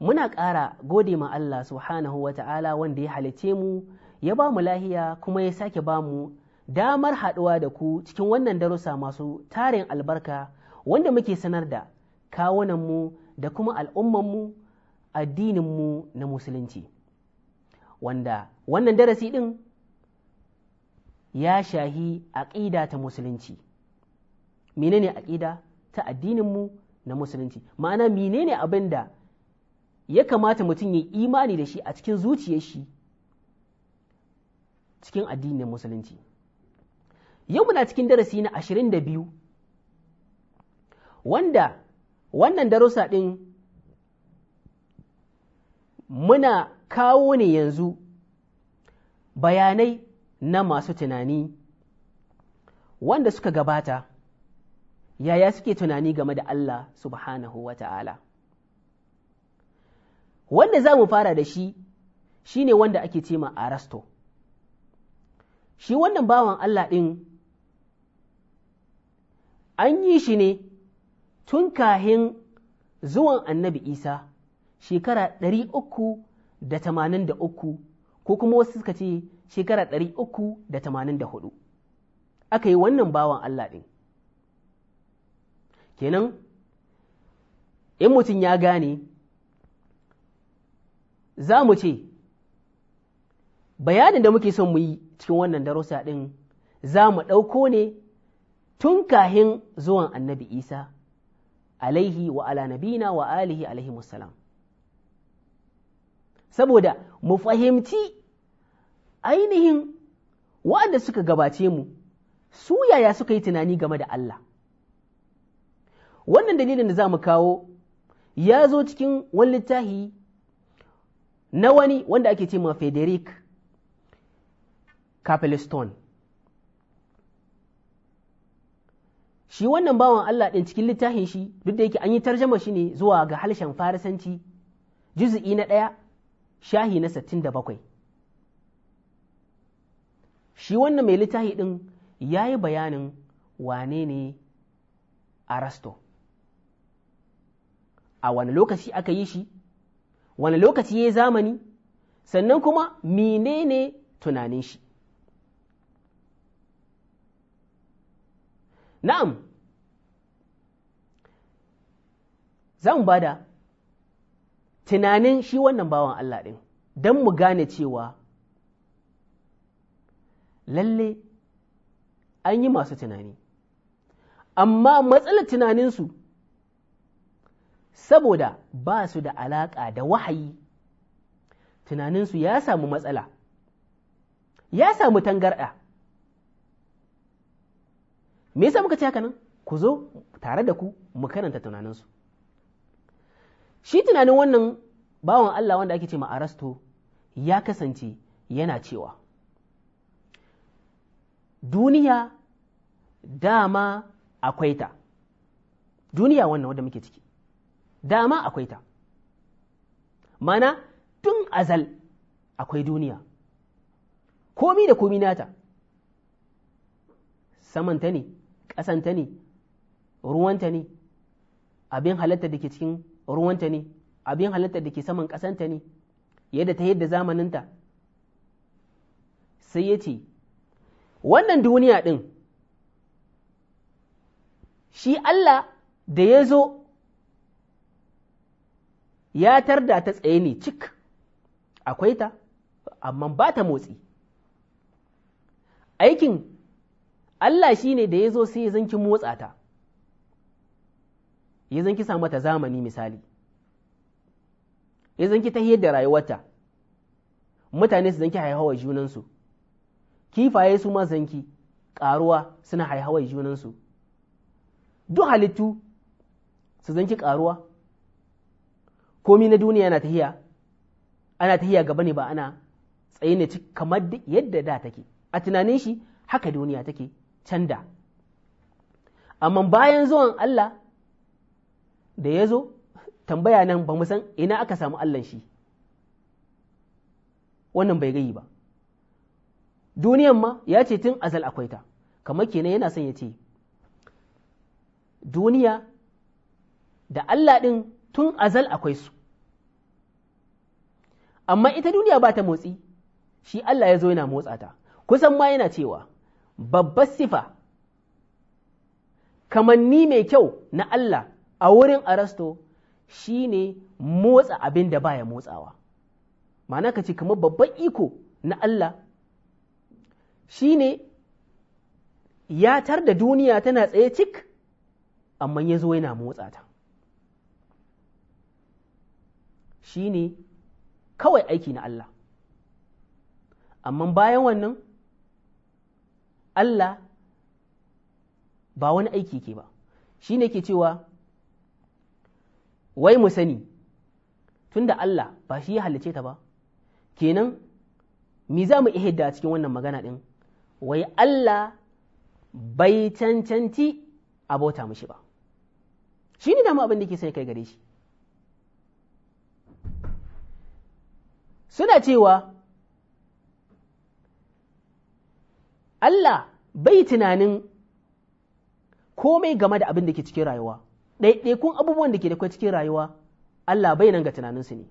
muna ƙara gode ma Allah subhanahu wa ta'ala wanda ya halice mu ya ba mu lahiya kuma ya sake ba mu damar haɗuwa da ku cikin wannan darussa masu tarin albarka wanda muke sanar da kawunanmu da kuma al'ummanmu addininmu na musulunci wanda wannan darasi ɗin ya shahi aƙida ta musulunci menene aƙida ta addininmu na musulunci ma'ana menene abin da ya kamata mutum ya imani da shi a cikin zuciyar shi cikin addinin musulunci yau muna cikin darasi na ashirin da biyu wanda wannan darussa ɗin muna kawo ne yanzu bayanai na masu tunani wanda suka gabata yaya suke tunani game da Allah subhanahu wa ta'ala wanda za mu fara da shi shi ne wanda ake ce ma arasto shi wannan bawan Allah ɗin an yi shi ne tun kahin zuwan annabi isa shekara 383 ko kuma wasu suka ce shekara 384 aka yi wannan bawan Allah ɗin kenan in mutum ya gane za mu ce bayanin da muke son mu yi cikin wannan darussa ɗin za mu ɗauko ne tun kahin zuwan annabi isa alaihi wa ala nabina wa alihi alaihi musallam saboda mu fahimci ainihin waɗanda suka gabace mu su yaya suka yi tunani game da Allah wannan dalilin da za mu kawo ya zo cikin wani littafi na wani wanda ake ce ma Frederick Capelstone shi wannan bawan Allah ɗin cikin littafin shi duk da yake an yi tarjama shi ne zuwa ga halshen farisanci juzu'i na ɗaya shahi na sittin da bakwai shi wannan mai littafi ɗin yayi bayanin wane ne arasto a wani lokaci aka yi shi wani lokaci ya zamani sannan kuma menene tunanin shi na'am zan bada tunanin shi wannan bawan Allah ɗin don mu gane cewa lalle an yi masu tunani amma matsalar tunaninsu saboda ba su da alaƙa da wahayi tunaninsu ya samu matsala ya samu tangarɗa me yasa muka ce haka nan ku zo tare da ku mu karanta tunaninsu shi tunanin wannan bawan Allah wanda ake ce ma arasto ya kasance yana cewa duniya dama akwai ta duniya wannan wanda muke ciki dama akwai ta mana tun azal akwai duniya komi da komi nata samanta ne ƙasanta ne ruwanta ne abin halatta da ke cikin ruwanta ne abin halatta da ke saman ƙasanta ne yadda ta yadda zamaninta sai ya ce wannan duniya ɗin shi Allah da ya zo ya tarda ta tsaye ne cik akwai ta amma ba ta motsi aikin Allah shi ne da ya zo sai ya zanki motsa ta ya zanki sa mata zamani misali ya zanki ta da rayuwarta mutane su zanki haihawar junansu kifaye su ma zanki ƙaruwa suna haihawar junansu duk halittu su zanki ƙaruwa komi na duniya yana tahiya ana tahiya gaba ne ba ana tsaye ne kamar yadda da take a tunanin shi haka duniya take canda amma bayan zuwan Allah da ya zo tambaya nan ba san ina aka samu Allah shi wannan bai gayi ba duniyan ma ya ce tun azal akwai ta kamar kenan yana son ya ce duniya da Allah ɗin tun azal akwai su amma ita duniya ba ta motsi shi Allah ya zo yana motsa ta kusan ma yana cewa babbar sifa kamanni mai kyau na Allah a wurin arasto shi ne motsa abin da baya motsawa ma'ana ka ce kamar babban iko na Allah shi ne ya tar da duniya tana tsaye cik amma ya zo yana motsa ta shi ne kawai aiki na Allah amma bayan wannan Allah ba wani aiki ke ba shi ne ke cewa wai mu sani tunda Allah ba shi ya halice ta ba kenan mi za mu ihidda a cikin wannan magana ɗin wai Allah bai cancanci abota shi ba shi ne dama abin da ke sai kai gare shi suna cewa Allah bai tunanin komai game da abin da ke cikin rayuwa ɗaiɗaikun abubuwan da ke da cikin rayuwa Allah bai nan ga tunaninsu ne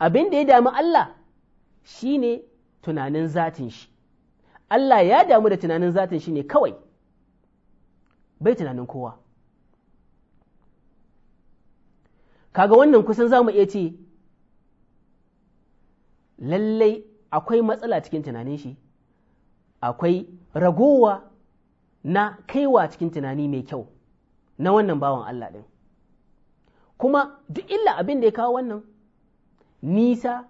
abin da ya dami Allah shi ne tunanin zatin shi Allah ya damu da tunanin zatin shi ne kawai bai tunanin kowa kaga wannan kusan za mu iya ce lallai akwai matsala cikin tunanin shi akwai ragowa na kaiwa cikin tunani mai kyau na wannan bawan Allah ɗin kuma duk illa abin da ya kawo wannan nisa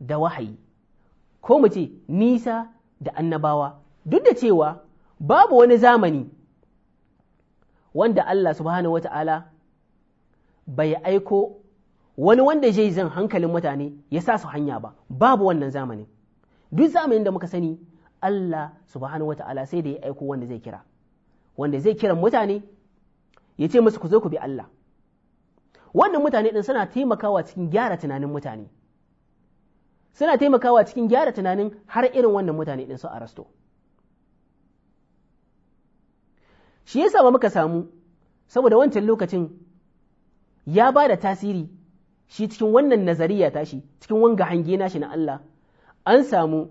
da wahayi ko mu ce nisa da annabawa duk da cewa babu wani zamani wanda Allah subhanahu wa ta'ala bai aiko wani wanda zai zan hankalin mutane ya sa su hanya ba babu wannan zamanin duk zamanin da muka sani Allah subhanahu wata'ala sai da ya aiko wanda zai kira wanda zai kira mutane ya ce musu ku zo ku bi Allah wannan mutane din suna taimakawa cikin gyara tunanin mutane suna taimakawa cikin gyara tunanin har irin wannan mutane din su arasto shi yasa ba muka samu saboda wancan lokacin ya ba da tasiri shi cikin wannan nazariya tashi cikin wanga hange nashi na Allah an samu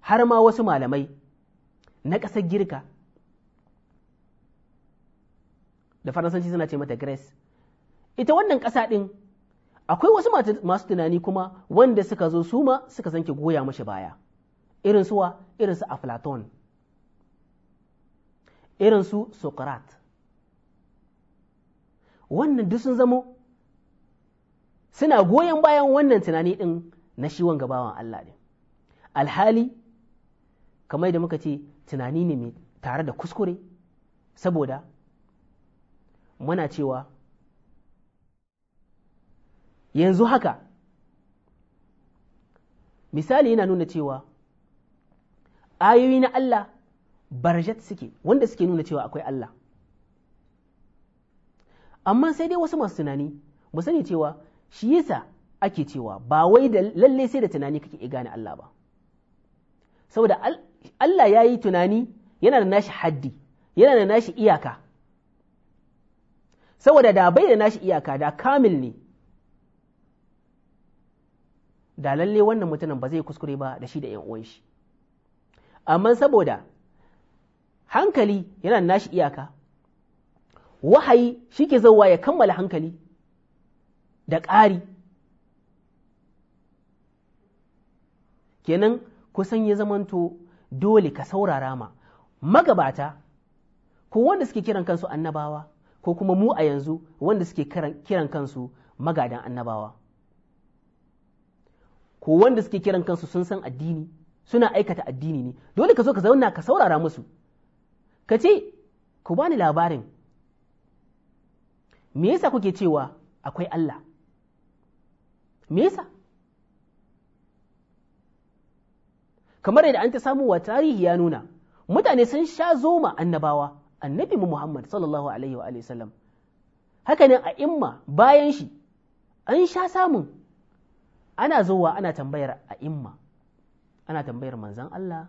har ma wasu malamai na ƙasar girka da faransanci suna ce mata grace ita wannan ƙasa ɗin akwai wasu masu tunani kuma wanda suka zo suma ma suka sanke goya mashi baya irin suwa irin su aflaton irin su socrates wannan duk sun zamo suna goyon bayan wannan tunani ɗin na shi wanga bawan Allah ne alhali kamar da muka ce tunani ne mai tare da kuskure saboda muna cewa yanzu haka misali yana nuna cewa ayoyi na Allah barjat suke wanda suke nuna cewa akwai Allah amma sai dai wasu masu tunani mu sani cewa shi yasa ake cewa ba wai da lalle sai da tunani kake iya gane Allah ba saboda Allah ya yi tunani yana da nashi haddi yana da nashi iyaka saboda da bai da nashi iyaka da kamil ne da lalle wannan mutumin ba zai kuskure ba da shi da 'yan uwan shi amma saboda hankali yana da nashi iyaka wahayi shi ke zauwa ya kammala hankali da ƙari kenan kusan ya zamanto dole ka saurara ma magabata ko wanda suke kiran kansu annabawa ko kuma mu a yanzu wanda suke kiran kansu magadan annabawa ko wanda suke kiran kansu sun san addini suna aikata addini ne dole ka zo ka zauna ka saurara musu ka ce ku bani labarin me yasa kuke cewa akwai Allah me yasa kamar yadda an ta samu wa tarihi ya nuna mutane sun sha zoma annabawa annabi mu Muhammad sallallahu alaihi wa sallam ne a imma bayan shi an sha samun ana zowa ana tambayar a imma ana tambayar manzan Allah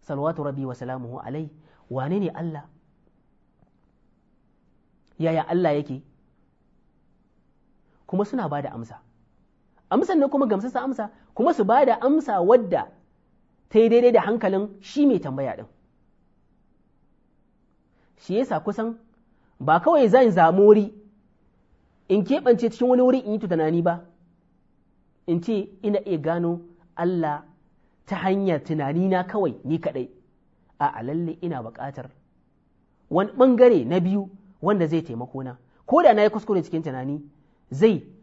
salwatu rabbi wa salamuhu alai wane ne Allah yaya Allah yake kuma suna ba da amsa amsan ne kuma gamsassa amsa kuma su ba da amsa wadda ta yi daidai da hankalin shi mai tambaya ɗin shi yasa kusan ba kawai zan zamu wuri in keɓance cikin wani wuri in yi tunani ba in ce ina iya gano Allah ta hanyar tunani na kawai ni kaɗai a lalle ina buƙatar wani ɓangare na biyu wanda zai taimako na ko da na yi kuskure cikin tunani zai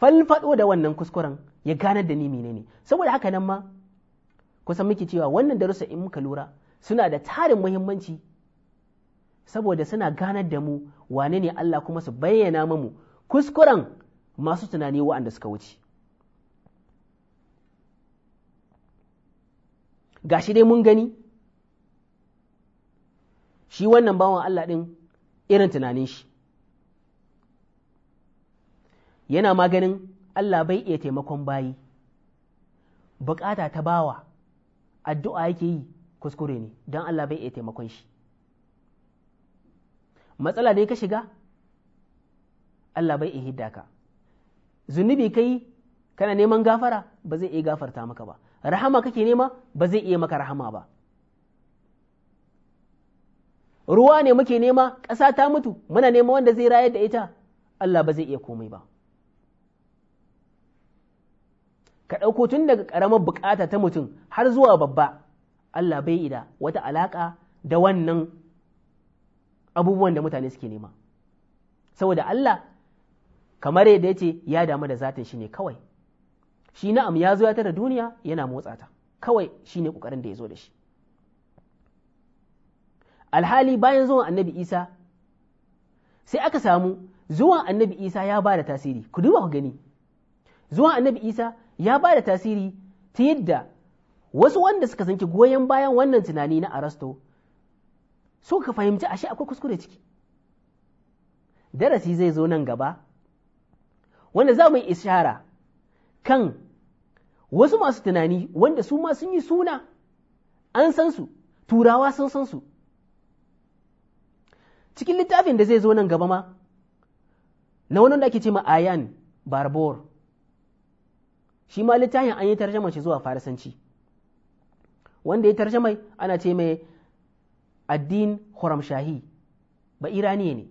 falfado da wannan kuskuren ya ganar da ni menene saboda haka nan ma kusan muke cewa wannan darussa in muka lura suna da tarin muhimmanci saboda suna ganar da mu wane ne Allah kuma su bayyana mamu kuskuren masu tunani wa'anda suka wuce gashi dai mun gani shi wannan bawan Allah ɗin irin tunanin shi yana maganin Allah bai iya taimakon bayi bukata ta bawa addu'a yake yi kuskure ne don Allah bai iya taimakon shi matsala ne ka shiga Allah bai iya hidda ka zunubi kai kana neman gafara ba zai iya gafarta maka ba rahama kake nema ba zai iya maka rahama ba ruwa ne muke nema ƙasa ta mutu muna nema wanda zai rayar da ita Allah ba zai iya komai ba ka ɗauko tun daga ƙaramar buƙata ta mutum har zuwa babba Allah bai ida wata alaƙa da wannan abubuwan da mutane suke nema saboda Allah kamar yadda ya ce ya damu da zatin shi ne kawai shi na'am ya zo ya tara duniya yana motsa ta kawai shi ne ƙoƙarin da ya zo da shi alhali bayan zuwan annabi isa sai aka samu zuwan annabi isa ya ba da tasiri ku duba ku gani zuwan annabi isa ya ba da tasiri ta yadda wasu wanda suka zanki goyon bayan wannan tunani na arasto suka fahimci ashe akwai kuskure ciki darasi zai zo nan gaba wanda za mu yi ishara kan wasu masu tunani wanda su ma sun yi suna an san su turawa sun san su cikin littafin da zai zo nan gaba ma na wani da ake ce ma ayan barbor shi ma littafin an yi tarjama shi zuwa farisanci wanda ya tarjamai ana ce mai addin Shahi ba iraniya ne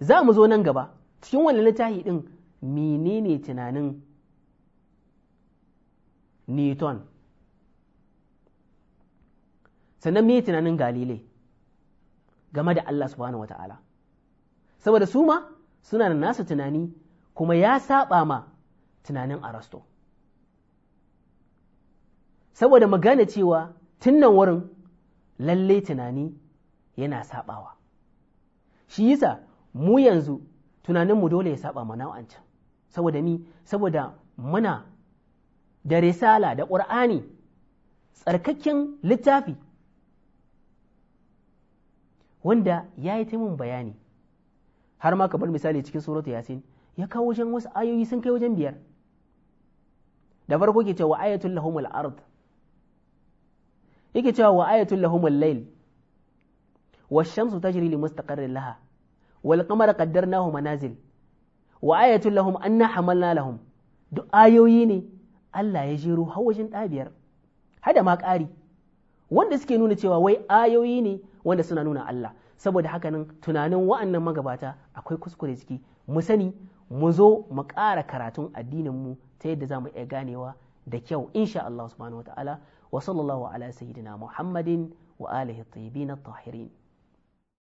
za mu zo nan gaba cikin wannan littafi ɗin menene tunanin newton sannan me tunanin galile game da allah subhanahu wata'ala saboda su ma suna da nasu tunani kuma ya saba ma tunanin arasto saboda magana cewa tun nan wurin lalle tunani yana sabawa shi yasa mu yanzu tunaninmu dole ya saba ma wancan saboda ni saboda muna da risala da ƙur'ani tsarkakken littafi wanda ya yi taimun bayani har ma ka bar misali cikin suratu yasin ya kawo wajen wasu ayoyi sun kai wajen biyar da farko ke cewa ayatul lahumul ard yake cewa wa ayatul lahumul layl والشمس تجري لمستقر لها والقمر قدرناه منازل وآية لهم أن حملنا لهم duk ayoyi ne Allah ya jero wajen ɗabiyar hada ma ƙari wanda suke nuna cewa wai ayoyi ne wanda suna nuna Allah saboda haka nan tunanin wa'annan magabata akwai kuskure ciki mu sani mu zo mu ƙara karatun addininmu ta yadda za mu iya ganewa da kyau insha Allah subhanahu wa ta'ala wa sallallahu ala sayyidina Muhammadin wa alihi tayyibin at-tahirin